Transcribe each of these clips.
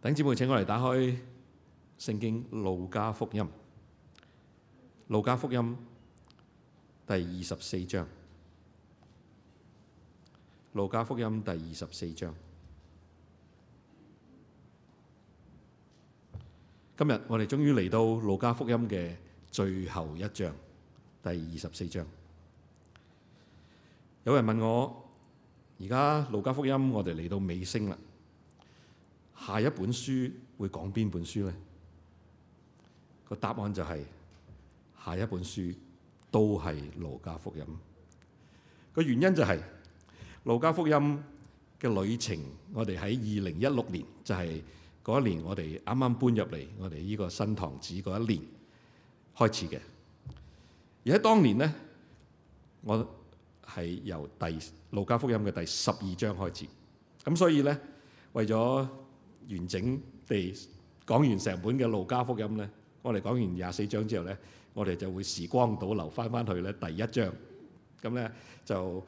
等姊妹，請我嚟打開《聖經路加福音》，路加福音第二十四章。路加福音第二十四章。今日我哋終於嚟到路加福音嘅最後一章，第二十四章。有人問我，而家路加福音我哋嚟到尾聲啦。下一本書會講邊本書咧？個答案就係、是、下一本書都係《路加福音》。個原因就係、是《路加福音》嘅旅程，我哋喺二零一六年就係、是、嗰一年我剛剛，我哋啱啱搬入嚟我哋呢個新堂址嗰一年開始嘅。而喺當年咧，我係由第《路加福音》嘅第十二章開始，咁所以咧為咗，完整地講完成本嘅路加福音咧，我哋講完廿四章之後咧，我哋就會時光倒流翻翻去咧第一章，咁咧就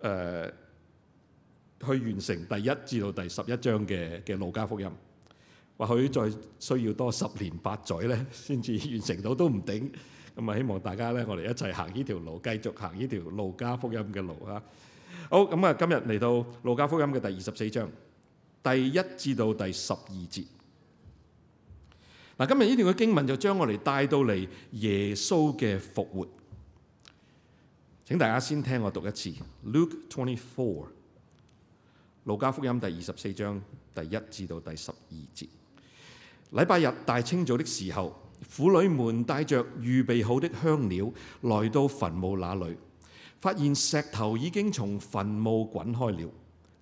誒去完成第一至到第十一章嘅嘅路加福音，或許再需要多十年八載咧，先至完成到都唔定。咁啊，希望大家咧，我哋一齊行呢條路，繼續行呢條路加福音嘅路啊。好，咁啊，今日嚟到路加福音嘅第二十四章。第一至到第十二節。嗱，今日呢段嘅經文就將我哋帶到嚟耶穌嘅復活。請大家先聽我讀一次《Luke Twenty Four》路加福音第二十四章第一至到第十二節。禮拜日大清早的時候，婦女們帶著預備好的香料來到墳墓那裏，發現石頭已經從墳墓滾開了，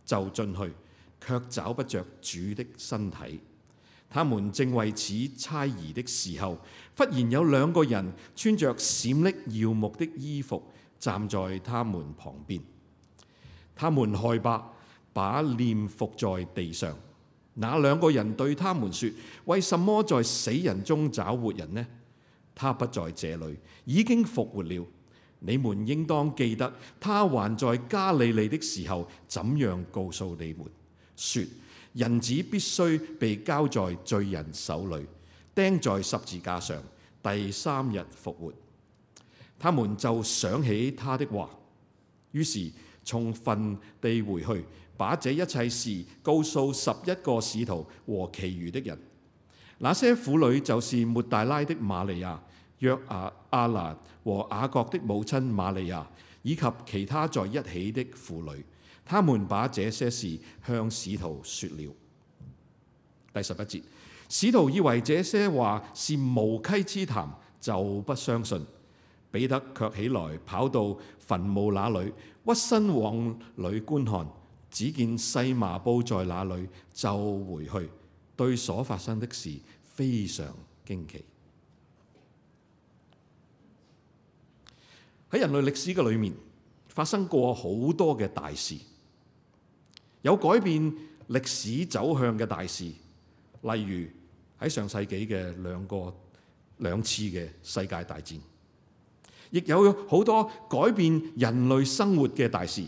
就進去。卻找不着主的身體。他們正為此猜疑的時候，忽然有兩個人穿着閃爍耀目的衣服站在他們旁邊。他們害怕，把臉伏在地上。那兩個人對他們說：為什麼在死人中找活人呢？他不在這裏，已經復活了。你們應當記得，他還在加利利的時候，怎樣告訴你們。說人子必須被交在罪人手裏，釘在十字架上，第三日復活。他們就想起他的話，於是從墳地回去，把這一切事告訴十一個使徒和其餘的人。那些婦女就是抹大拉的馬利亞、約亞拿和雅各的母親瑪利亞，以及其他在一起的婦女。他們把這些事向使徒説了，第十一節，使徒以為這些話是無稽之談，就不相信。彼得卻起來跑到墳墓那裏，屈身往裏觀看，只見細麻布在那裏，就回去，對所發生的事非常驚奇。喺人類歷史嘅裏面，發生過好多嘅大事。有改變歷史走向嘅大事，例如喺上世紀嘅兩個兩次嘅世界大戰，亦有好多改變人類生活嘅大事。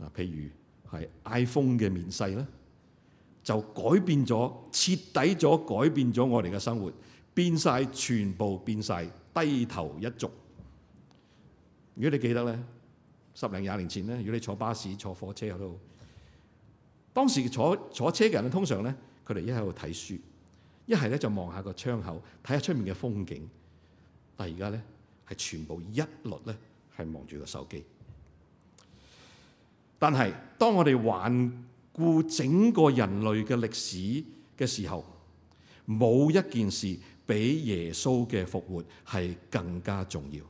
嗱，譬如係 iPhone 嘅面世咧，就改變咗，徹底咗改變咗我哋嘅生活，變晒全部變晒，低頭一族。如果你記得咧，十零廿年前咧，如果你坐巴士、坐火車喺度。當時坐坐車嘅人咧，通常咧，佢哋一喺度睇書，一係咧就望下個窗口，睇下出面嘅風景。但係而家咧，係全部一律咧，係望住個手機。但係當我哋環顧整個人類嘅歷史嘅時候，冇一件事比耶穌嘅復活係更加重要，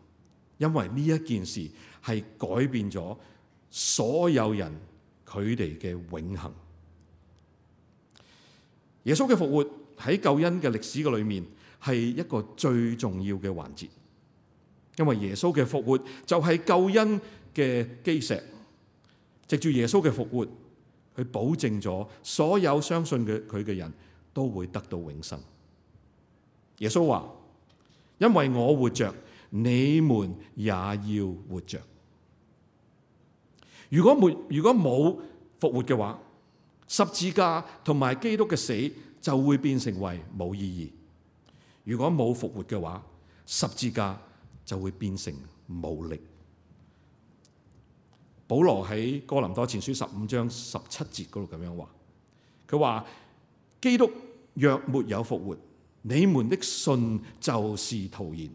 因為呢一件事係改變咗所有人。佢哋嘅永恒，耶穌嘅復活喺救恩嘅歷史嘅裏面係一個最重要嘅環節，因為耶穌嘅復活就係救恩嘅基石，藉住耶穌嘅復活，佢保證咗所有相信嘅佢嘅人都會得到永生。耶穌話：因為我活着，你們也要活着。如果沒如果冇復活嘅話，十字架同埋基督嘅死就會變成為冇意義。如果冇復活嘅話，十字架就會變成無力。保羅喺哥林多前書十五章十七節嗰度咁樣話，佢話：基督若沒有復活，你們的信就是徒然，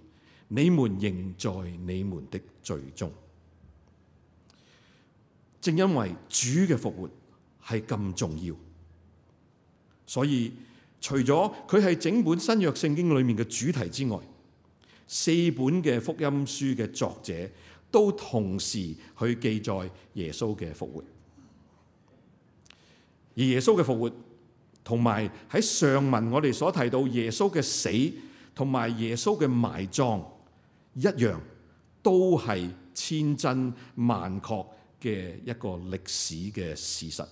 你們仍在你們的罪中。正因為主嘅復活係咁重要，所以除咗佢係整本新約聖經裏面嘅主題之外，四本嘅福音書嘅作者都同時去記載耶穌嘅復活。而耶穌嘅復活同埋喺上文我哋所提到耶穌嘅死同埋耶穌嘅埋葬一樣，都係千真萬確嘅一個歷史嘅事實，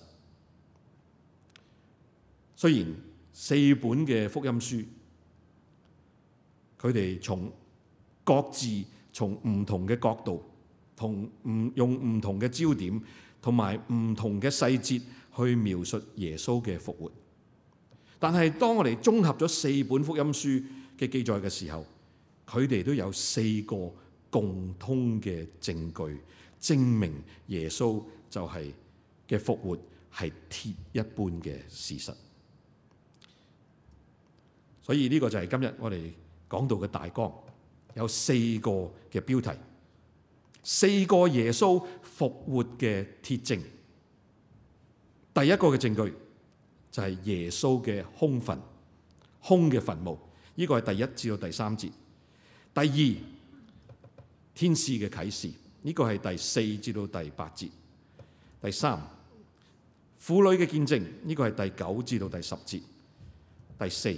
雖然四本嘅福音書，佢哋從各自從唔同嘅角度，同唔用唔同嘅焦點，同埋唔同嘅細節去描述耶穌嘅復活。但係當我哋綜合咗四本福音書嘅記載嘅時候，佢哋都有四個共通嘅證據。證明耶穌就係嘅復活係鐵一般嘅事實，所以呢個就係今日我哋講到嘅大綱，有四個嘅標題，四個耶穌復活嘅鐵證。第一個嘅證據就係耶穌嘅空墳，空嘅墳墓。呢個係第一至到第三節。第二，天使嘅啟示。呢、這個係第四節到第八節。第三，婦女嘅見證，呢、這個係第九節到第十節。第四，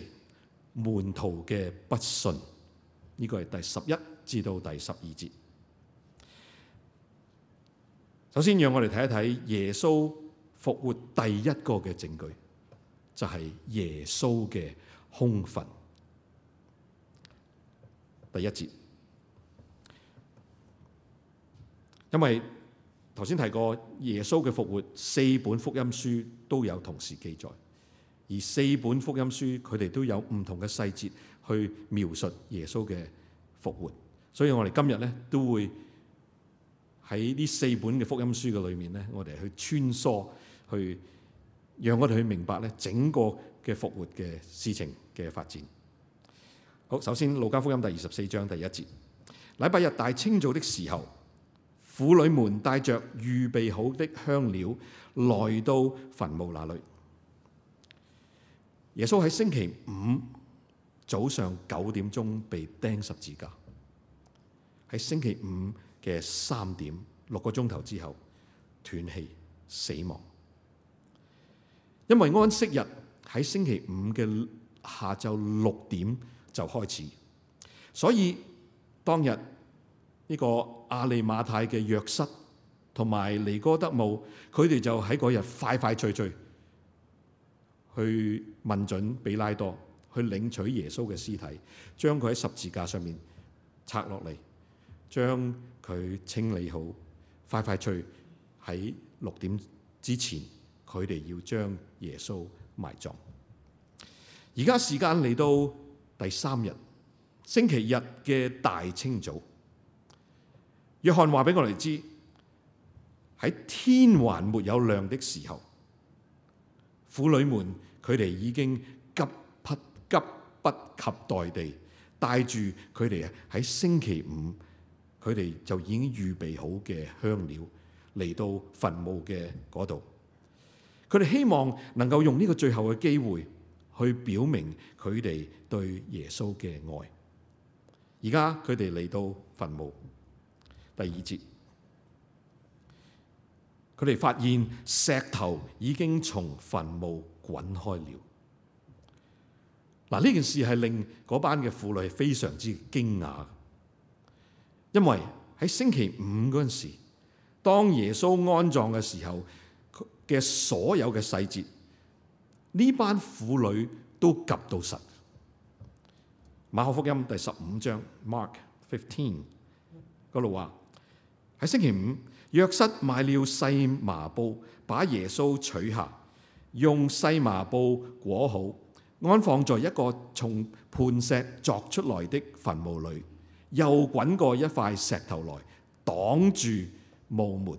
門徒嘅不信，呢、這個係第十一至到第十二節。首先讓我哋睇一睇耶穌復活第一個嘅證據，就係、是、耶穌嘅空墳。第一節。因為頭先提過耶穌嘅復活，四本福音書都有同時記載，而四本福音書佢哋都有唔同嘅細節去描述耶穌嘅復活，所以我哋今日咧都會喺呢四本嘅福音書嘅裏面咧，我哋去穿梭去，讓我哋去明白咧整個嘅復活嘅事情嘅發展。好，首先《路加福音》第二十四章第一節，禮拜日大清早的時候。婦女們帶着預備好的香料來到墳墓那裏。耶穌喺星期五早上九點鐘被釘十字架，喺星期五嘅三點六個鐘頭之後斷氣死亡。因為安息日喺星期五嘅下晝六點就開始，所以當日。呢個亞利馬太嘅約瑟同埋尼哥德慕，佢哋就喺嗰日快快脆脆去問準彼拉多，去領取耶穌嘅屍體，將佢喺十字架上面拆落嚟，將佢清理好，快快脆喺六點之前，佢哋要將耶穌埋葬。而家時間嚟到第三日星期日嘅大清早。約翰話俾我哋知，喺天還沒有亮的時候，婦女們佢哋已經急不急不及待地帶住佢哋喺星期五，佢哋就已經預備好嘅香料嚟到墳墓嘅嗰度。佢哋希望能夠用呢個最後嘅機會去表明佢哋對耶穌嘅愛。而家佢哋嚟到墳墓。第二節，佢哋發現石頭已經從墳墓滾開了。嗱，呢件事係令嗰班嘅婦女非常之驚訝，因為喺星期五嗰陣時，當耶穌安葬嘅時候，佢嘅所有嘅細節，呢班婦女都及到實。馬可福音第十五章 Mark Fifteen 嗰度話。喺星期五，約瑟買了細麻布，把耶穌取下，用細麻布裹好，安放在一個從磐石鑿出來的墳墓裏。又滾過一塊石頭來，擋住墓門。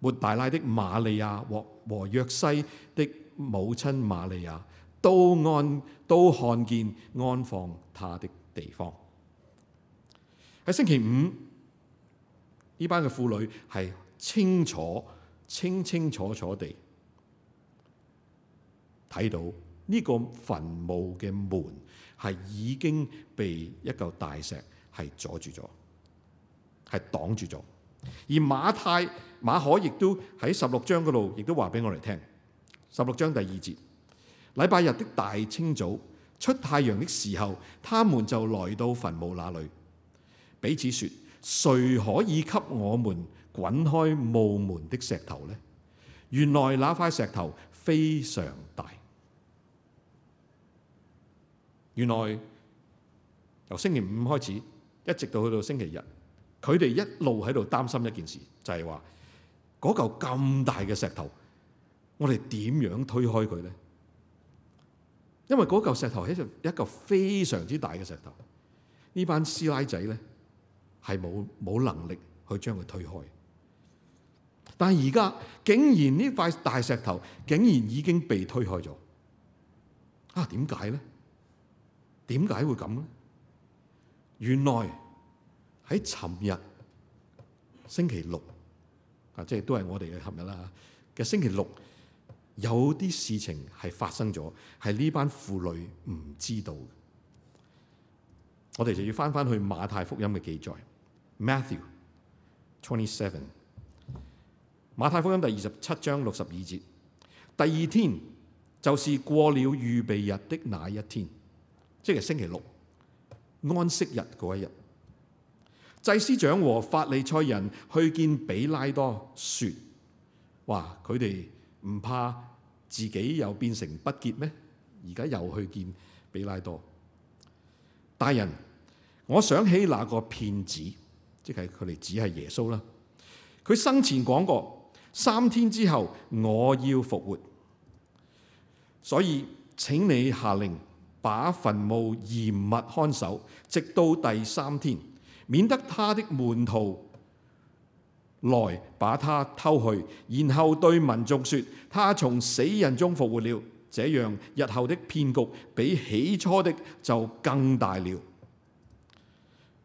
抹大拉的瑪利亞和和約西的母親瑪利亞都安都看見安放他的地方。喺星期五。呢班嘅婦女係清楚、清清楚楚地睇到呢個墳墓嘅門係已經被一嚿大石係阻住咗，係擋住咗。而馬太、馬可亦都喺十六章嗰度，亦都話俾我哋聽。十六章第二節，禮拜日的大清早出太陽的時候，他們就來到墳墓那裡，彼此說。誰可以給我們滾開墓門的石頭呢？原來那塊石頭非常大。原來由星期五開始，一直到去到星期日，佢哋一路喺度擔心一件事，就係話嗰嚿咁大嘅石頭，我哋點樣推開佢呢？因為嗰嚿石頭係一個非常之大嘅石頭，呢班師奶仔呢。係冇冇能力去將佢推開，但現在，但係而家竟然呢塊大石頭竟然已經被推開咗啊。點解咧？點解會咁咧？原來喺尋日星期六啊，即係都係我哋嘅尋日啦，嘅星期六有啲事情係發生咗，係呢班婦女唔知道。我哋就要翻翻去馬太福音嘅記載。Matthew 27，馬太福音第二十七章六十二節，第二天就是過了預備日的那一天，即係星期六，安息日嗰一日，祭司長和法利賽人去見比拉多，說：哇，佢哋唔怕自己又變成不潔咩？而家又去見比拉多，大人，我想起那個騙子。即係佢哋只係耶穌啦。佢生前講過：三天之後我要復活，所以請你下令把墳墓嚴密看守，直到第三天，免得他的門徒來把他偷去，然後對民眾説：他從死人中復活了。這樣日後的騙局比起初的就更大了。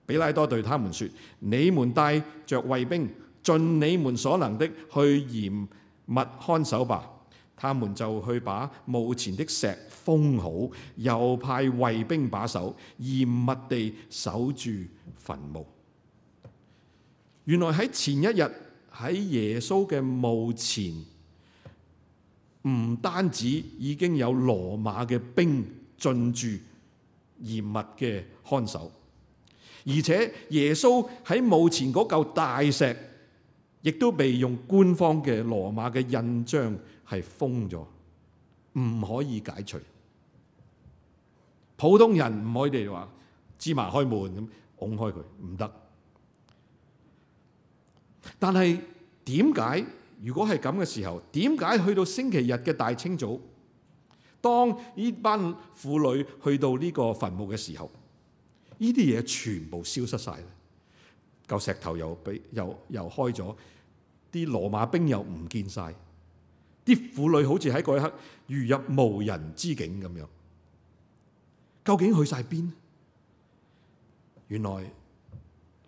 比拉多對他們說：你們帶著衛兵，盡你們所能的去嚴密看守吧。他們就去把墓前的石封好，又派衛兵把守，嚴密地守住墳墓。原來喺前一日喺耶穌嘅墓前，唔單止已經有羅馬嘅兵進駐，嚴密嘅看守。而且耶穌喺墓前嗰嚿大石，亦都被用官方嘅羅馬嘅印章係封咗，唔可以解除。普通人唔可以地話芝麻開門咁拱開佢，唔得。但係點解？如果係咁嘅時候，點解去到星期日嘅大清早，當呢班婦女去到呢個墳墓嘅時候？呢啲嘢全部消失晒啦！嚿石頭又俾又又開咗，啲羅馬兵又唔見晒。啲婦女好似喺嗰一刻如入無人之境咁樣。究竟去晒邊？原來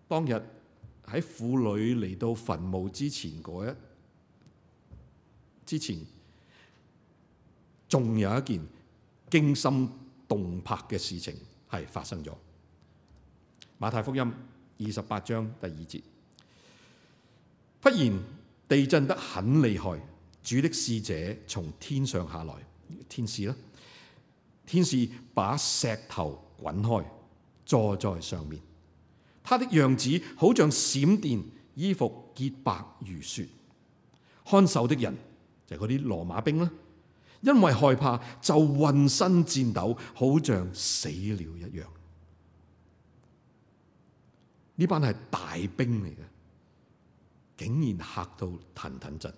當日喺婦女嚟到墳墓之前嗰一之前，仲有一件驚心動魄嘅事情係發生咗。馬太福音二十八章第二節，忽然地震得很厲害，主的使者從天上下來，天使啦，天使把石頭滾開，坐在上面，他的樣子好像閃電，衣服潔白如雪，看守的人就係嗰啲羅馬兵啦，因為害怕就渾身顫抖，好像死了一樣。呢班係大兵嚟嘅，竟然吓到騰騰震。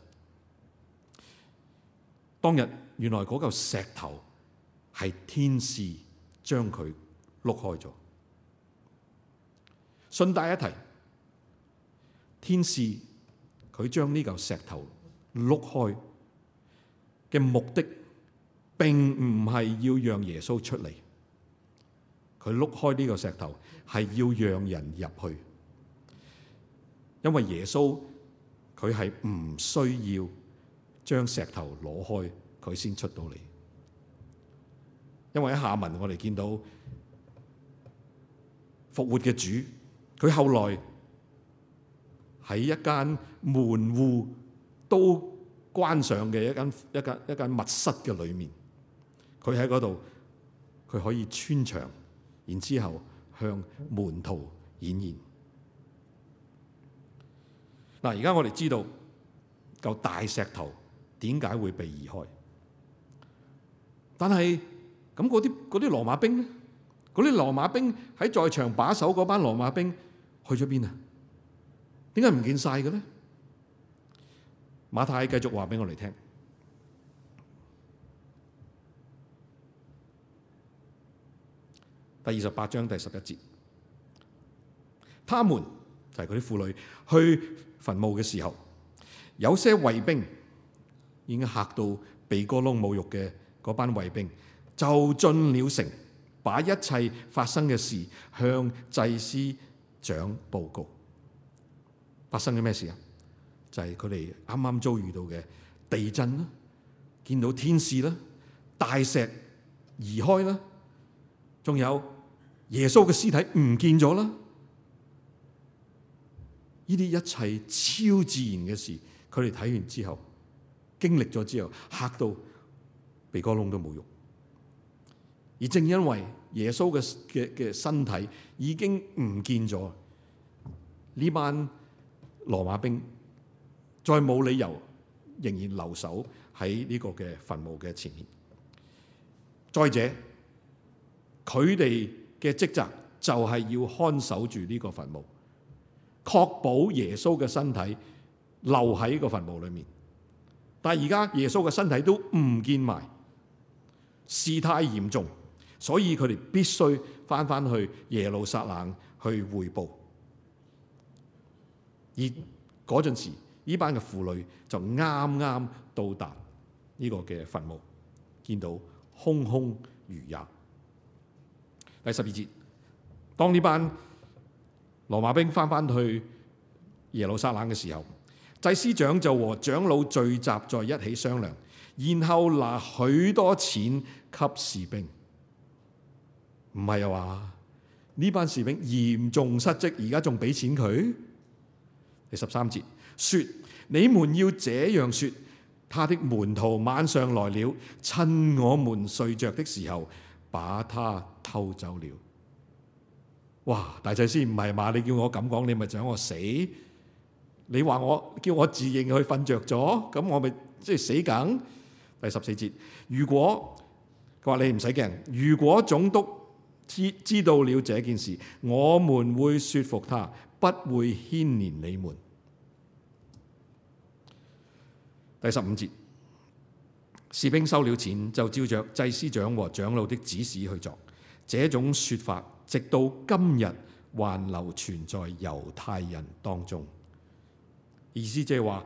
當日原來嗰嚿石頭係天使將佢碌開咗。順帶一提，天使佢將呢嚿石頭碌開嘅目的，並唔係要讓耶穌出嚟。佢碌開呢個石頭，係要讓人入去，因為耶穌佢係唔需要將石頭攞開，佢先出到嚟。因為喺下文我哋見到復活嘅主，佢後來喺一間門戶都關上嘅一間一間一間密室嘅裏面，佢喺嗰度，佢可以穿牆。然之後向門徒顯，顯現。嗱，而家我哋知道嚿、那個、大石頭點解會被移開，但係咁嗰啲啲羅馬兵咧，嗰啲羅馬兵喺在，在場把守嗰班羅馬兵去咗邊啊？點解唔見晒嘅咧？馬太繼續話俾我哋聽。第二十八章第十一節，他們就係佢啲婦女去墳墓嘅時候，有些衛兵已經嚇到鼻哥窿冇肉嘅嗰班衛兵就進了城，把一切發生嘅事向祭司長報告。發生咗咩事啊？就係佢哋啱啱遭遇到嘅地震啦，見到天使啦，大石移開啦，仲有，耶穌嘅屍體唔見咗啦，呢啲一切超自然嘅事，佢哋睇完之後，經歷咗之後，吓到鼻哥窿都冇用。而正因為耶穌嘅嘅嘅身體已經唔見咗，呢班羅馬兵再冇理由仍然留守喺呢個嘅墳墓嘅前面。再者，佢哋。嘅職責就係要看守住呢個墳墓，確保耶穌嘅身體留喺呢個墳墓裏面。但係而家耶穌嘅身體都唔見埋，事態嚴重，所以佢哋必須返返去耶路撒冷去匯報。而嗰陣時，呢班嘅婦女就啱啱到達呢個嘅墳墓，見到空空如也。第十二節，當呢班羅馬兵返返去耶路撒冷嘅時候，祭司長就和長老聚集在一起商量，然後拿許多錢給士兵。唔係啊嘛？呢班士兵嚴重失職，而家仲俾錢佢？第十三節，說，你們要這樣說，他的門徒晚上來了，趁我們睡着的時候。把他偷走了，哇！大祭司唔係嘛？你叫我咁講，你咪想我死？你話我叫我自認去瞓着咗，咁我咪即係死梗？第十四節，如果佢話你唔使驚，如果總督知知道了這件事，我們會說服他，不會牽連你們。第十五節。士兵收了錢，就照着祭司長和長老的指示去做。這種説法直到今日還留存在猶太人當中。意思即係話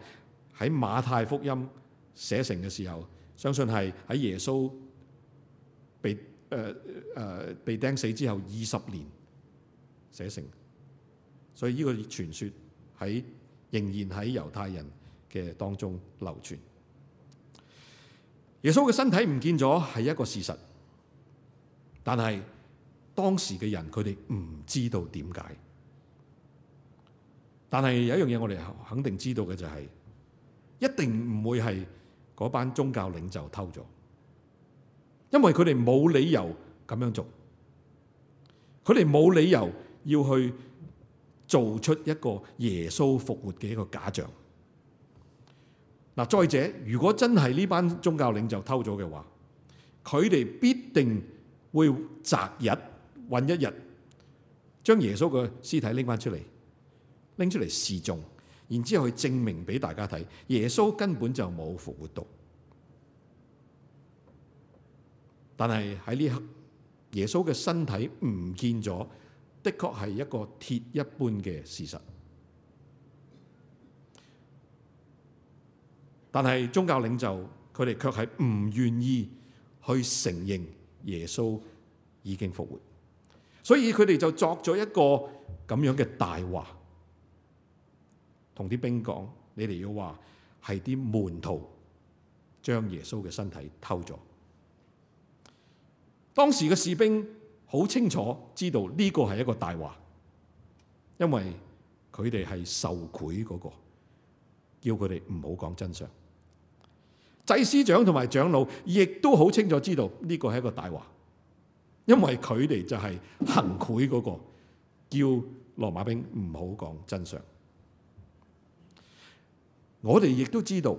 喺馬太福音寫成嘅時候，相信係喺耶穌被誒誒、呃呃、被釘死之後二十年寫成。所以呢個傳說喺仍然喺猶太人嘅當中流傳。耶穌嘅身體唔見咗係一個事實，但係當時嘅人佢哋唔知道點解。但係有一樣嘢我哋肯定知道嘅就係，一定唔會係嗰班宗教領袖偷咗，因為佢哋冇理由咁樣做。佢哋冇理由要去做出一個耶穌復活嘅一個假象。嗱，再者，如果真係呢班宗教領袖偷咗嘅話，佢哋必定會擇日揾一日，將耶穌嘅屍體拎翻出嚟，拎出嚟示眾，然之後去證明俾大家睇，耶穌根本就冇復活到。但係喺呢刻，耶穌嘅身體唔見咗，的確係一個鐵一般嘅事實。但係宗教領袖佢哋卻係唔願意去承認耶穌已經復活，所以佢哋就作咗一個咁樣嘅大話，同啲兵講：「你哋要話係啲門徒將耶穌嘅身體偷咗」。當時嘅士兵好清楚知道呢個係一個大話，因為佢哋係受賄嗰個，叫佢哋唔好講真相。祭司長同埋長老亦都好清楚知道呢個係一個大話，因為佢哋就係行賄嗰個，叫羅馬兵唔好講真相。我哋亦都知道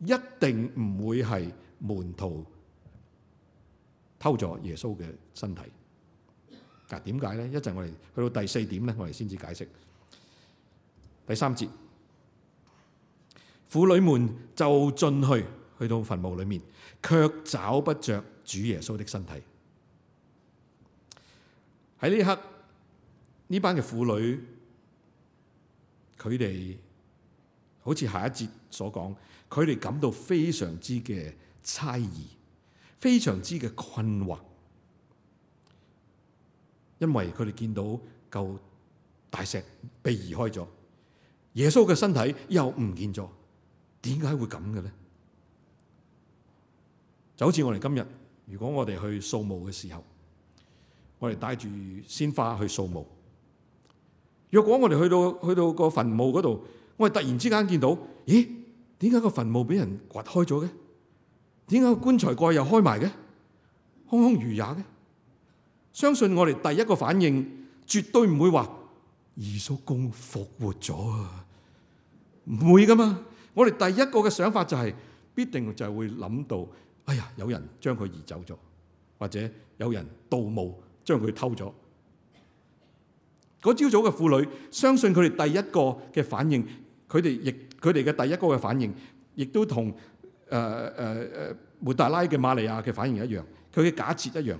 一定唔會係門徒偷咗耶穌嘅身體。嗱，點解呢？一陣我哋去到第四點呢，我哋先至解釋。第三節，婦女們就進去。去到墳墓裏面，卻找不着主耶穌的身體。喺呢刻，呢班嘅婦女，佢哋好似下一節所講，佢哋感到非常之嘅猜疑，非常之嘅困惑，因為佢哋見到嚿大石被移開咗，耶穌嘅身體又唔見咗，點解會咁嘅咧？就好似我哋今日，如果我哋去掃墓嘅時候，我哋帶住鮮花去掃墓。若果我哋去到去到個墳墓嗰度，我哋突然之間見到，咦？點解個墳墓俾人掘開咗嘅？點解個棺材蓋又開埋嘅？空空如也嘅？相信我哋第一個反應絕對唔會話二叔公復活咗啊！唔會噶嘛？我哋第一個嘅想法就係必定就係會諗到。哎呀！有人將佢移走咗，或者有人盜墓將佢偷咗。嗰朝早嘅婦女，相信佢哋第一個嘅反應，佢哋亦佢哋嘅第一個嘅反應，亦都同誒誒誒抹大拉嘅瑪利亞嘅反應一樣，佢嘅假設一樣。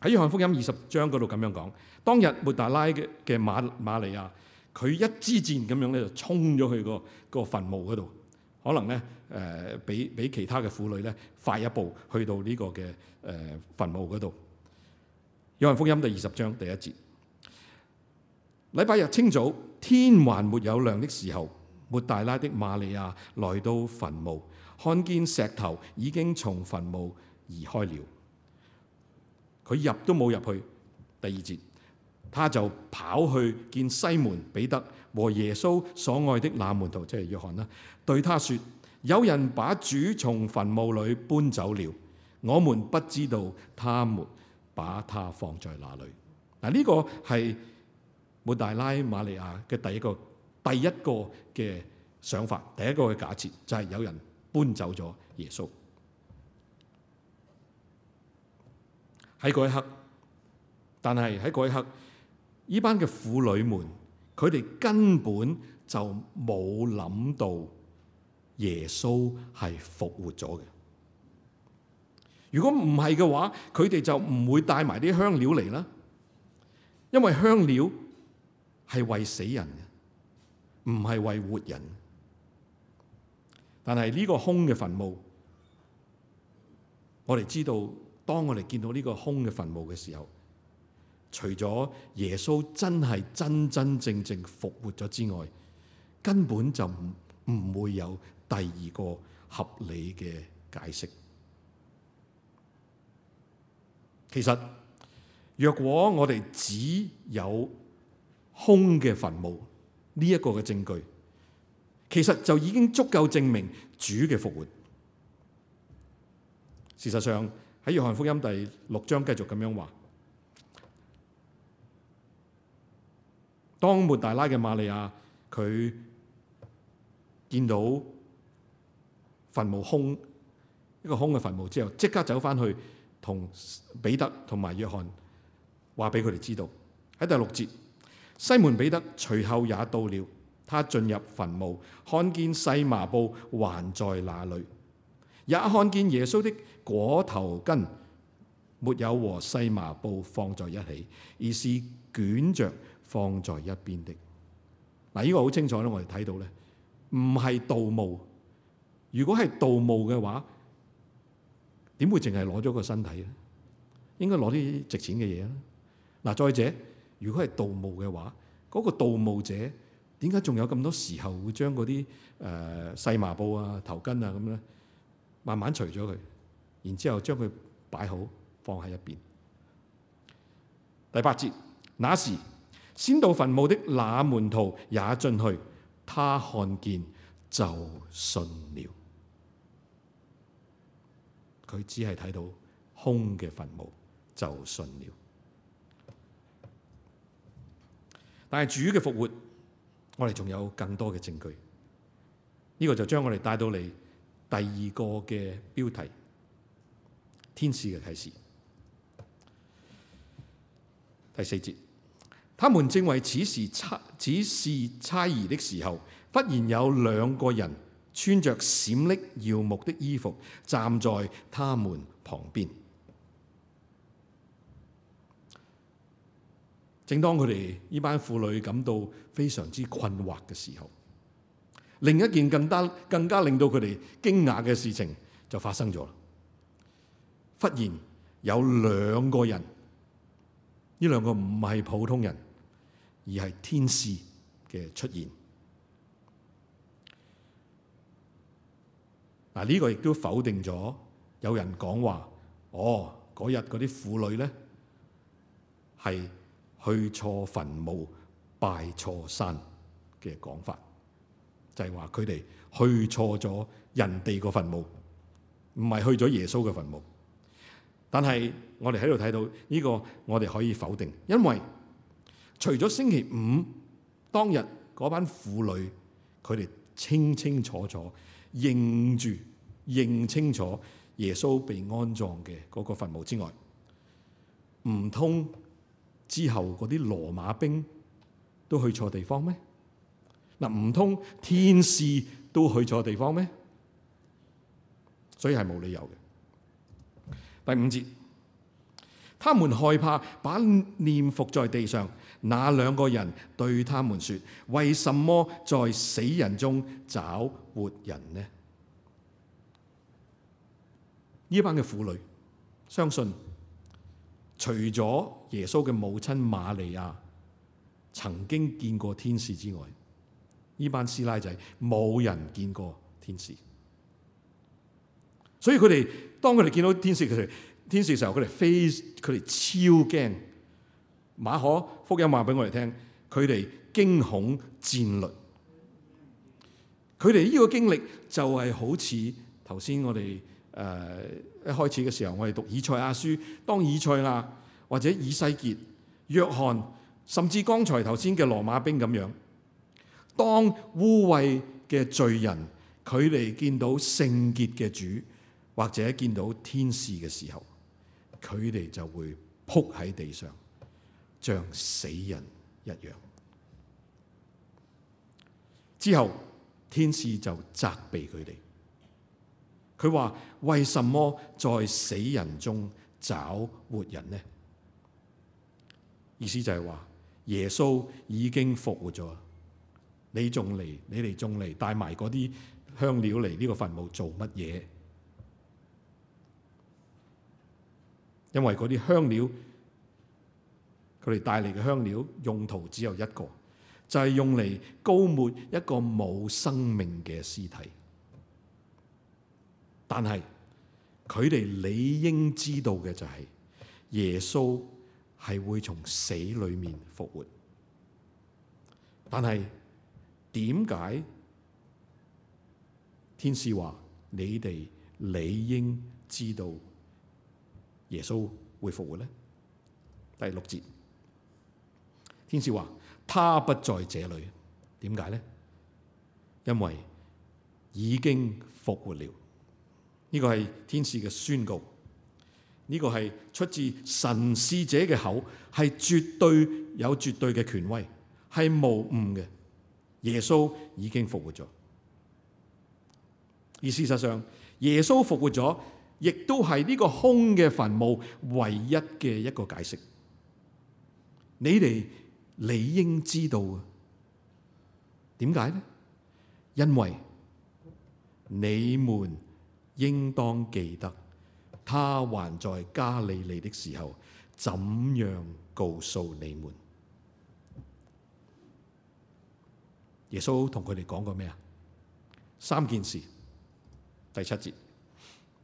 喺《約翰福音》二十章嗰度咁樣講，當日抹大拉嘅嘅瑪瑪利亞，佢一支箭咁樣咧就衝咗去個個墳墓度。可能咧，誒、呃，比比其他嘅婦女咧，快一步去到呢個嘅誒墳墓嗰度。約翰福音第二十章第一節，禮拜日清早天還沒有亮的時候，抹大拉的馬利亞來到墳墓，看見石頭已經從墳墓移開了，佢入都冇入去。第二節，他就跑去見西門彼得。和耶穌所愛的那門徒，即係約翰啦，對他說：有人把主從墳墓裏搬走了，我們不知道他們把他放在哪裏。嗱，呢個係抹大拉瑪利亞嘅第一個、第一個嘅想法，第一個嘅假設就係有人搬走咗耶穌。喺嗰一刻，但係喺嗰一刻，依班嘅婦女們。佢哋根本就冇諗到耶穌係復活咗嘅。如果唔係嘅話，佢哋就唔會帶埋啲香料嚟啦。因為香料係為死人嘅，唔係為活人。但係呢個空嘅墳墓，我哋知道，當我哋見到呢個空嘅墳墓嘅時候。除咗耶穌真係真真正正復活咗之外，根本就唔唔會有第二個合理嘅解釋。其實，若果我哋只有空嘅墳墓呢一個嘅證據，其實就已經足夠證明主嘅復活。事實上，喺約翰福音第六章繼續咁樣話。當抹大拉嘅瑪利亞佢見到墳墓空一個空嘅墳墓之後，即刻走翻去同彼得同埋約翰話俾佢哋知道，喺第六節。西門彼得隨後也到了，他進入墳墓，看見細麻布還在那裡，也看見耶穌的裹頭巾沒有和細麻布放在一起，而是捲着。放在一邊的嗱，呢個好清楚咧，我哋睇到咧，唔係盜墓。如果係盜墓嘅話，點會淨係攞咗個身體咧？應該攞啲值錢嘅嘢啦。嗱，再者，如果係盜墓嘅話，嗰個盜墓者點解仲有咁多時候會將嗰啲誒細麻布啊、頭巾啊咁咧，慢慢除咗佢，然之後將佢擺好，放喺一邊。第八節，那時。先到墳墓的那門徒也進去，他看見就信了。佢只係睇到空嘅墳墓就信了。但係主嘅復活，我哋仲有更多嘅證據。呢、這個就將我哋帶到嚟第二個嘅標題：天使嘅啟示第四節。他們正為此事猜、此事猜疑的時候，忽然有兩個人穿着閃爍耀目的衣服站在他們旁邊。正當佢哋呢班婦女感到非常之困惑嘅時候，另一件更加、更加令到佢哋驚訝嘅事情就發生咗。忽然有兩個人，呢兩個唔係普通人。而係天使嘅出現，嗱、這、呢個亦都否定咗有人講話，哦，嗰日嗰啲婦女咧係去錯墳墓、拜錯山嘅講法，就係話佢哋去錯咗人哋個墳墓，唔係去咗耶穌嘅墳墓。但係我哋喺度睇到呢、這個，我哋可以否定，因為。除咗星期五當日嗰班婦女，佢哋清清楚楚認住、認清楚耶穌被安葬嘅嗰個墳墓之外，唔通之後嗰啲羅馬兵都去錯地方咩？嗱，唔通天使都去錯地方咩？所以係冇理由嘅。第五節，他們害怕，把臉伏在地上。那兩個人對他們說：為什麼在死人中找活人呢？呢班嘅婦女相信，除咗耶穌嘅母親瑪利亞曾經見過天使之外，呢班師奶仔冇人見過天使。所以佢哋當佢哋見到天使佢哋天使嘅時候，佢哋非，佢哋超驚。馬可福音話俾我哋聽，佢哋驚恐戰慄。佢哋呢個經歷就係好似頭先我哋誒、呃、一開始嘅時候，我哋讀以賽亞書，當以賽亞或者以西結、約翰，甚至剛才頭先嘅羅馬兵咁樣，當污穢嘅罪人，佢哋見到聖潔嘅主或者見到天使嘅時候，佢哋就會仆喺地上。像死人一樣，之後天使就責備佢哋。佢話：為什麼在死人中找活人呢？意思就係話耶穌已經復活咗，你仲嚟？你哋仲嚟？帶埋嗰啲香料嚟呢個墳墓做乜嘢？因為嗰啲香料。佢哋帶嚟嘅香料用途只有一個，就係用嚟膏抹一個冇生命嘅屍體。但係佢哋理應知道嘅就係耶穌係會從死裡面復活。但係點解天使話你哋理應知道耶穌會復活咧？第六節。天使話：他不在這裡，點解呢？」因為已經復活了。呢個係天使嘅宣告，呢個係出自神使者嘅口，係絕對有絕對嘅權威，係無誤嘅。耶穌已經復活咗，而事實上，耶穌復活咗，亦都係呢個空嘅墳墓唯一嘅一個解釋。你哋。你應知道點解呢？因為你們應當記得，他還在加利利的時候，怎樣告訴你們。耶穌同佢哋講過咩啊？三件事，第七節，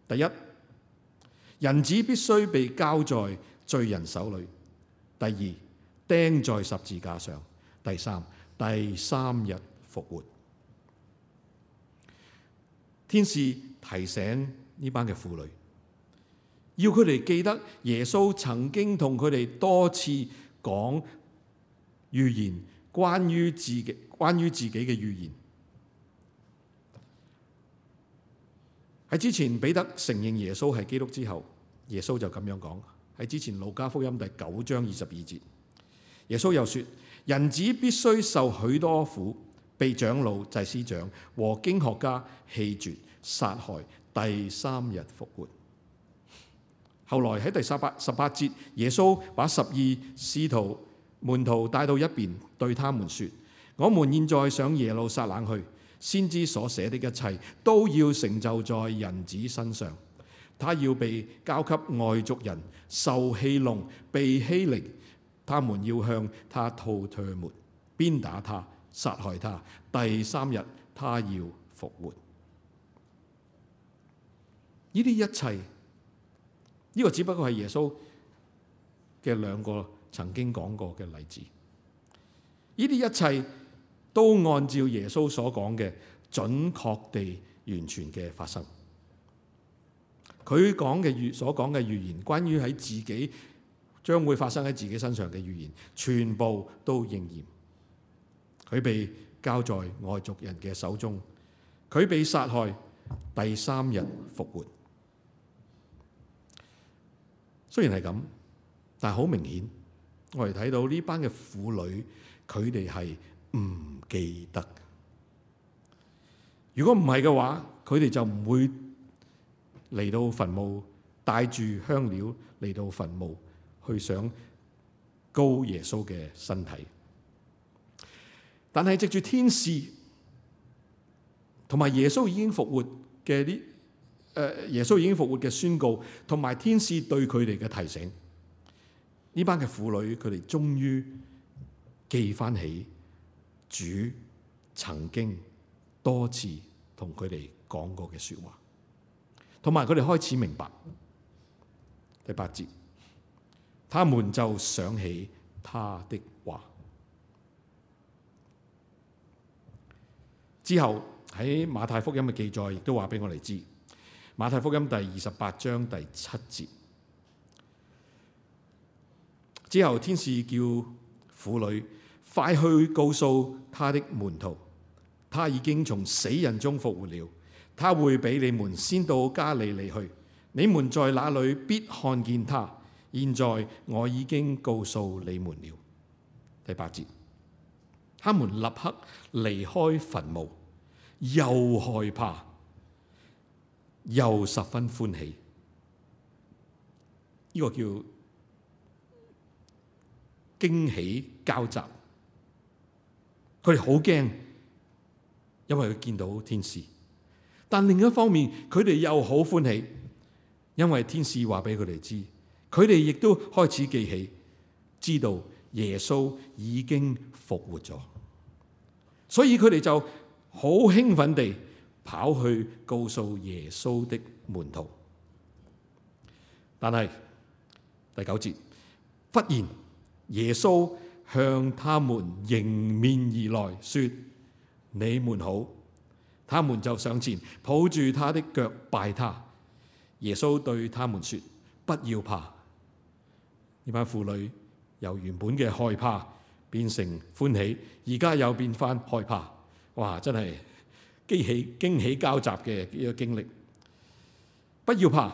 第一，人子必須被交在罪人手裏；第二。釘在十字架上，第三，第三日復活。天使提醒呢班嘅婦女，要佢哋記得耶穌曾經同佢哋多次講預言，關於自己關於自己嘅預言。喺之前，彼得承認耶穌係基督之後，耶穌就咁樣講，喺之前《路加福音》第九章二十二節。耶穌又說：人子必須受許多苦，被長老、祭司長和經學家棄絕、殺害，第三日復活。後來喺第十八十八節，耶穌把十二使徒門徒帶到一邊，對他們說：我們現在上耶路撒冷去，先知所寫的一切都要成就在人子身上。他要被交給外族人，受戲弄、被欺凌。他們要向他吐唾沫，鞭打他，殺害他。第三日，他要復活。呢啲一切，呢、呢個只不過係耶穌嘅兩個曾經講過嘅例子。呢啲一切都按照耶穌所講嘅，準確地、完全嘅發生。佢講嘅預，所講嘅預言，關於喺自己。將會發生喺自己身上嘅預言，全部都應驗。佢被交在外族人嘅手中，佢被殺害，第三日復活。雖然係咁，但係好明顯，我哋睇到呢班嘅婦女，佢哋係唔記得。如果唔係嘅話，佢哋就唔會嚟到墳墓，帶住香料嚟到墳墓。去想膏耶穌嘅身體，但係藉住天使同埋耶穌已經復活嘅啲，誒耶穌已經復活嘅宣告，同埋天使對佢哋嘅提醒，呢班嘅婦女，佢哋終於記返起主曾經多次同佢哋講過嘅説話，同埋佢哋開始明白第八節。他們就想起他的話。之後喺馬太福音嘅記載亦都話俾我哋知，馬太福音第二十八章第七節。之後天使叫婦女快去告訴他的門徒，他已經從死人中復活了。他會俾你們先到加利利去，你們在那裏必看見他。現在我已經告訴你們了，第八節，他們立刻離開墳墓，又害怕，又十分歡喜。呢、這個叫驚喜交集。佢哋好驚，因為佢見到天使；但另一方面，佢哋又好歡喜，因為天使話俾佢哋知。佢哋亦都開始記起，知道耶穌已經復活咗，所以佢哋就好興奮地跑去告訴耶穌的門徒。但係第九節，忽然耶穌向他們迎面而來，說：你們好。他們就上前抱住他的腳拜他。耶穌對他們說：不要怕。呢班婦女由原本嘅害怕變成歡喜，而家又變翻害怕。哇！真係驚喜驚喜交集嘅呢個經歷。不要怕，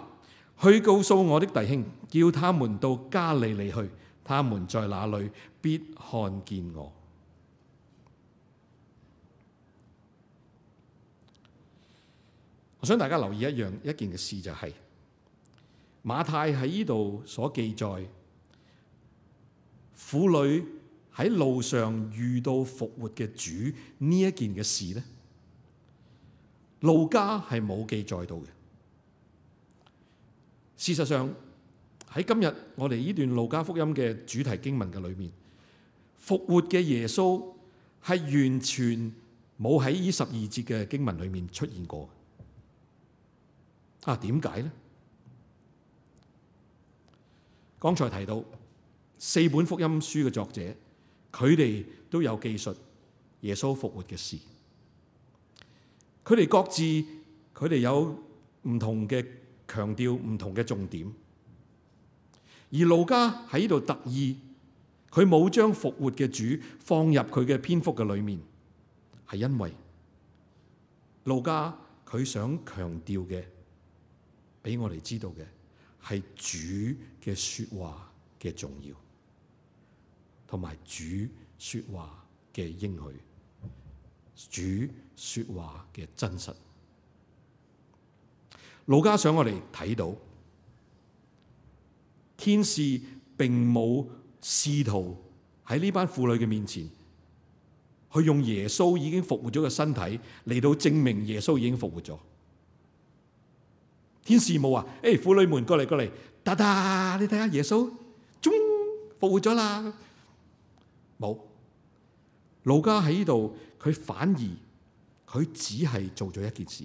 去告訴我的弟兄，叫他們到加利利去，他們在那裡，必看見我。我想大家留意一樣一件嘅事，就是，就係馬太喺呢度所記載。婦女喺路上遇到復活嘅主呢一件嘅事呢，路加係冇記載到嘅。事實上喺今日我哋呢段路加福音嘅主題經文嘅裏面，復活嘅耶穌係完全冇喺呢十二節嘅經文裏面出現過的。啊，點解呢？剛才提到。四本福音書嘅作者，佢哋都有記述耶穌復活嘅事。佢哋各自，佢哋有唔同嘅強調，唔同嘅重點。而路加喺呢度特意，佢冇將復活嘅主放入佢嘅篇幅嘅裏面，係因為路加。佢想強調嘅，俾我哋知道嘅係主嘅說話嘅重要。同埋主說話嘅應許，主說話嘅真實，路加想我哋睇到，天使並冇試圖喺呢班婦女嘅面前，去用耶穌已經復活咗嘅身體嚟到證明耶穌已經復活咗。天使冇話，誒，婦女們過嚟過嚟，噠噠，你睇下耶穌，終復活咗啦。冇，路加喺呢度，佢反而佢只係做咗一件事，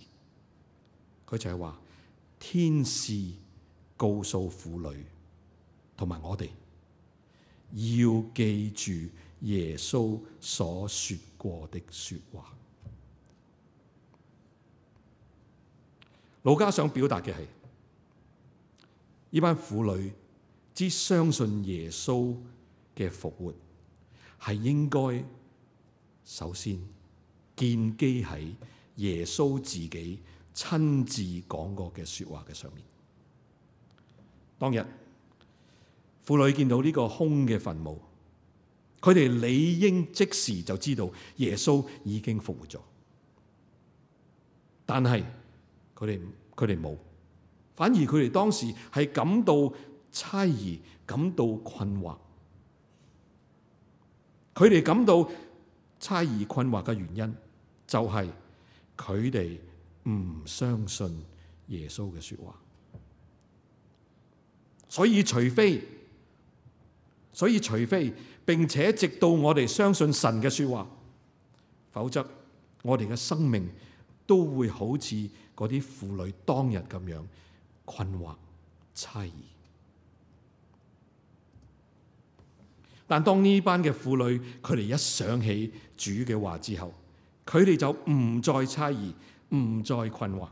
佢就係話天使告訴婦女同埋我哋要記住耶穌所說過的說話。路加想表達嘅係呢班婦女只相信耶穌嘅復活。係應該首先建基喺耶穌自己親自講過嘅說話嘅上面。當日，婦女見到呢個空嘅墳墓，佢哋理應即時就知道耶穌已經復活咗，但係佢哋佢哋冇，反而佢哋當時係感到猜疑，感到困惑。佢哋感到猜疑困惑嘅原因，就係佢哋唔相信耶穌嘅說話。所以除非，所以除非，並且直到我哋相信神嘅說話，否則我哋嘅生命都會好似嗰啲婦女當日咁樣困惑猜疑。但當呢班嘅婦女佢哋一想起主嘅話之後，佢哋就唔再猜疑，唔再困惑。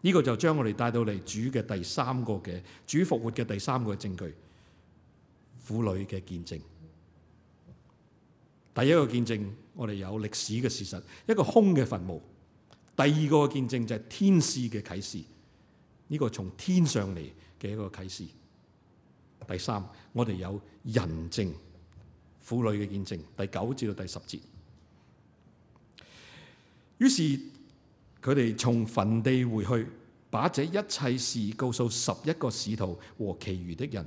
呢個就將我哋帶到嚟主嘅第三個嘅主復活嘅第三個證據，婦女嘅見證。第一個見證我哋有歷史嘅事實，一個空嘅墳墓。第二個見證就係天使嘅啟示，呢個從天上嚟嘅一個啟示。第三，我哋有人證，婦女嘅見證，第九至到第十節。於是佢哋從墳地回去，把這一切事告訴十一個使徒和其餘的人。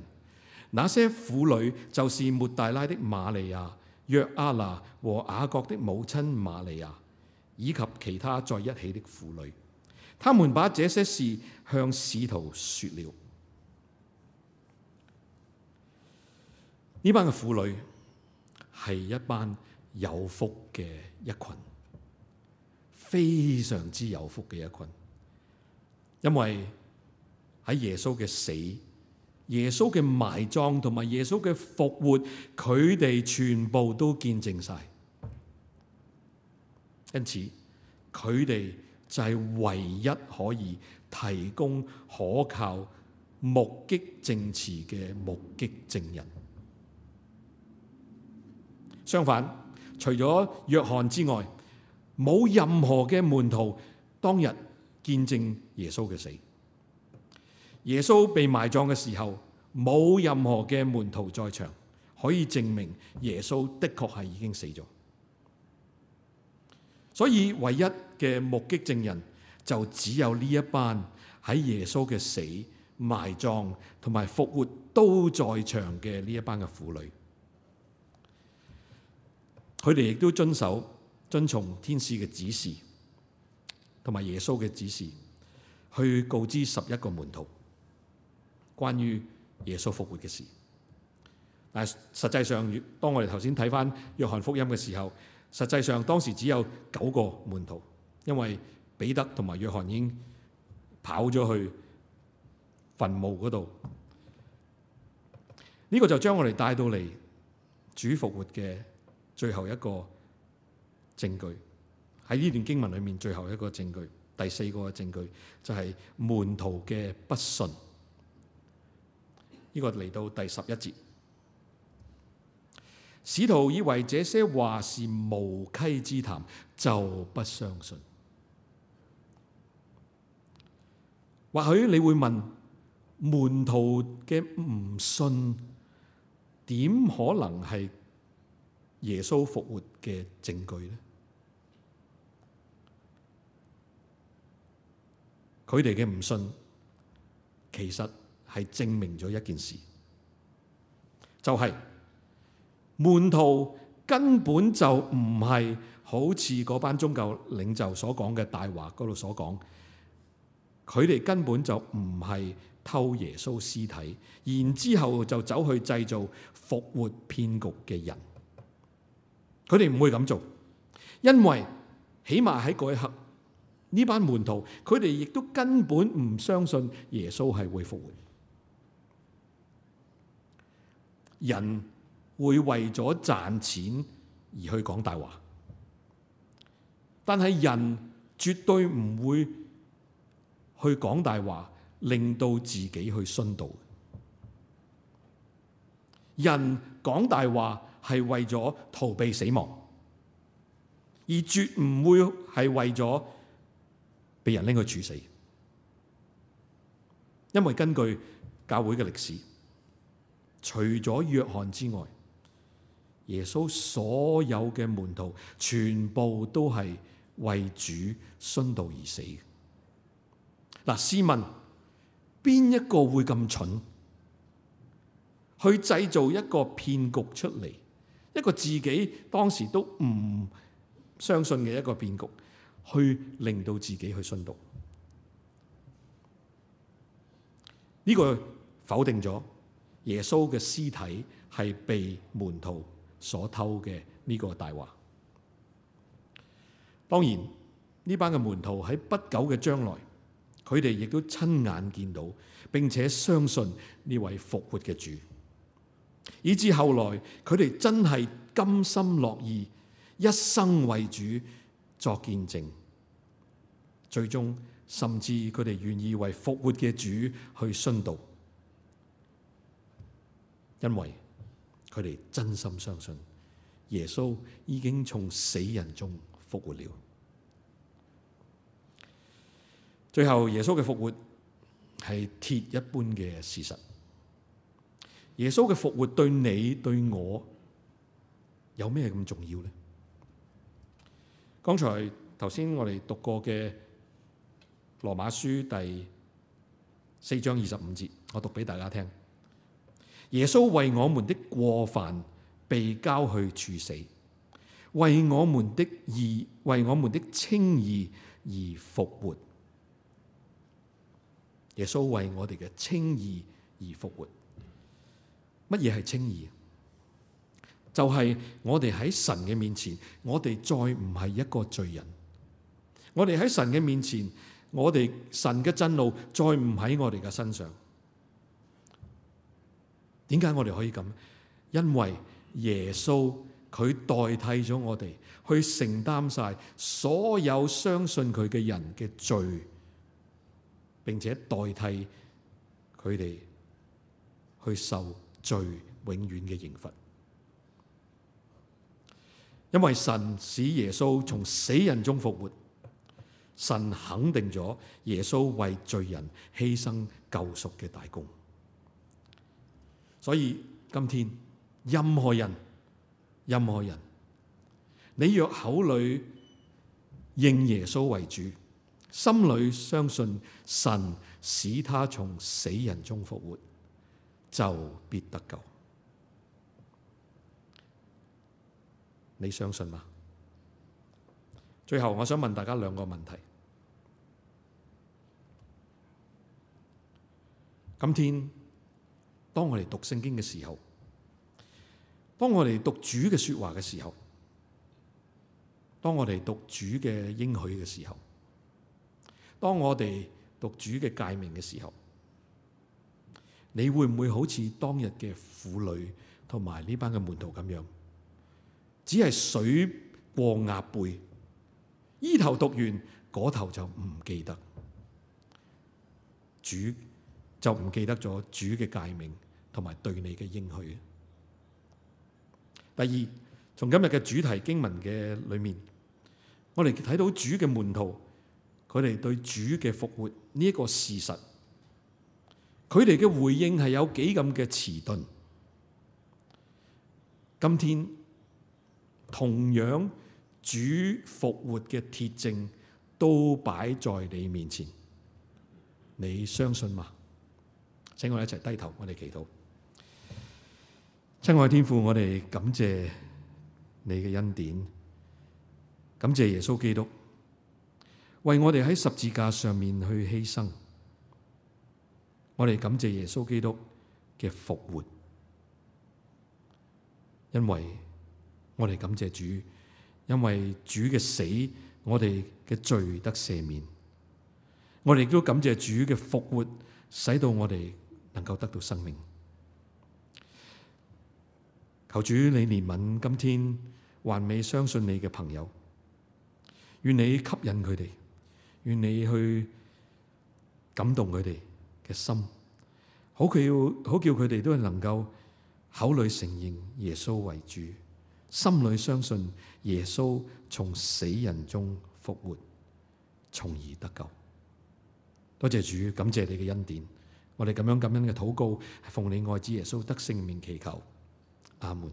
那些婦女就是抹大拉的瑪利亞、約阿拿和雅各的母親瑪利亞，以及其他在一起的婦女。他們把這些事向使徒說了。呢班嘅婦女係一班有福嘅一群，非常之有福嘅一群，因為喺耶穌嘅死、耶穌嘅埋葬同埋耶穌嘅復活，佢哋全部都見證晒，因此佢哋就係唯一可以提供可靠目擊證詞嘅目擊證人。相反，除咗約翰之外，冇任何嘅門徒當日見證耶穌嘅死。耶穌被埋葬嘅時候，冇任何嘅門徒在場，可以證明耶穌的確係已經死咗。所以，唯一嘅目擊證人就只有呢一班喺耶穌嘅死、埋葬同埋復活都在場嘅呢一班嘅婦女。佢哋亦都遵守，遵從天使嘅指示，同埋耶穌嘅指示，去告知十一個門徒關於耶穌復活嘅事。但實際上，當我哋頭先睇翻約翰福音嘅時候，實際上當時只有九個門徒，因為彼得同埋約翰已經跑咗去墳墓嗰度。呢個就將我哋帶到嚟主復活嘅。最後一個證據喺呢段經文裏面，最後一個證據，第四個證據就係、是、門徒嘅不信。呢、這個嚟到第十一節，使徒以為這些話是無稽之談，就不相信。或許你會問，門徒嘅唔信點可能係？耶穌復活嘅證據呢，佢哋嘅唔信，其實係證明咗一件事，就係、是、門徒根本就唔係好似嗰班宗教領袖所講嘅大話嗰度所講，佢哋根本就唔係偷耶穌屍體，然之後就走去製造復活騙局嘅人。佢哋唔會咁做，因為起碼喺嗰一刻，呢班門徒佢哋亦都根本唔相信耶穌係會復活。人會為咗賺錢而去講大話，但係人絕對唔會去講大話，令到自己去殉道。人講大話。係為咗逃避死亡，而絕唔會係為咗被人拎去處死。因為根據教會嘅歷史，除咗約翰之外，耶穌所有嘅門徒全部都係為主殉道而死。嗱，試問邊一個會咁蠢去製造一個騙局出嚟？一個自己當時都唔相信嘅一個變局，去令到自己去殉道。呢、這個否定咗耶穌嘅屍體係被門徒所偷嘅呢個大話。當然，呢班嘅門徒喺不久嘅將來，佢哋亦都親眼見到，並且相信呢位復活嘅主。以至後來，佢哋真係甘心樂意，一生為主作見證，最終甚至佢哋願意為復活嘅主去殉道，因為佢哋真心相信耶穌已經從死人中復活了。最後，耶穌嘅復活係鐵一般嘅事實。耶穌嘅復活對你對我有咩咁重要呢？剛才頭先我哋讀過嘅羅馬書第四章二十五節，我讀俾大家聽。耶穌為我們的過犯被交去處死，為我們的義，為我們的稱義而復活。耶穌為我哋嘅稱義而復活。乜嘢係稱義？就係、是、我哋喺神嘅面前，我哋再唔係一個罪人。我哋喺神嘅面前，我哋神嘅震怒再唔喺我哋嘅身上。點解我哋可以咁？因為耶穌佢代替咗我哋去承擔晒所有相信佢嘅人嘅罪，並且代替佢哋去受。罪永遠嘅刑罰，因為神使耶穌從死人中復活，神肯定咗耶穌為罪人犧牲救贖嘅大功。所以今天任何人，任何人，你若口裏認耶穌為主，心裏相信神使他從死人中復活。就必得救，你相信嗎？最後我想問大家兩個問題：今天當我哋讀聖經嘅時候，當我哋讀主嘅說話嘅時候，當我哋讀主嘅應許嘅時候，當我哋讀主嘅誡命嘅時候。你會唔會好似當日嘅婦女同埋呢班嘅門徒咁樣，只係水過鴨背，依頭讀完嗰頭就唔記得，主就唔記得咗主嘅誡命同埋對你嘅應許。第二，從今日嘅主題經文嘅裏面，我哋睇到主嘅門徒佢哋對主嘅復活呢一個事實，佢哋嘅回應係有幾咁嘅遲鈍？今天同樣主復活嘅鐵證都擺在你面前，你相信嗎？請我哋一齊低頭，我哋祈禱。親愛的天父，我哋感謝你嘅恩典，感謝耶穌基督為我哋喺十字架上面去犧牲。我哋感謝耶穌基督嘅復活，因為我哋感謝主，因為主嘅死，我哋嘅罪得赦免。我哋亦都感謝主嘅復活，使到我哋能夠得到生命。求主你憐憫今天還未相信你嘅朋友，願你吸引佢哋，願你去感動佢哋嘅心，好叫要好叫佢哋都係能夠口裏承認耶穌為主，心裏相信耶穌從死人中復活，從而得救。多謝主，感謝你嘅恩典，我哋咁樣咁樣嘅禱告，奉你愛子耶穌得聖名祈求，阿門。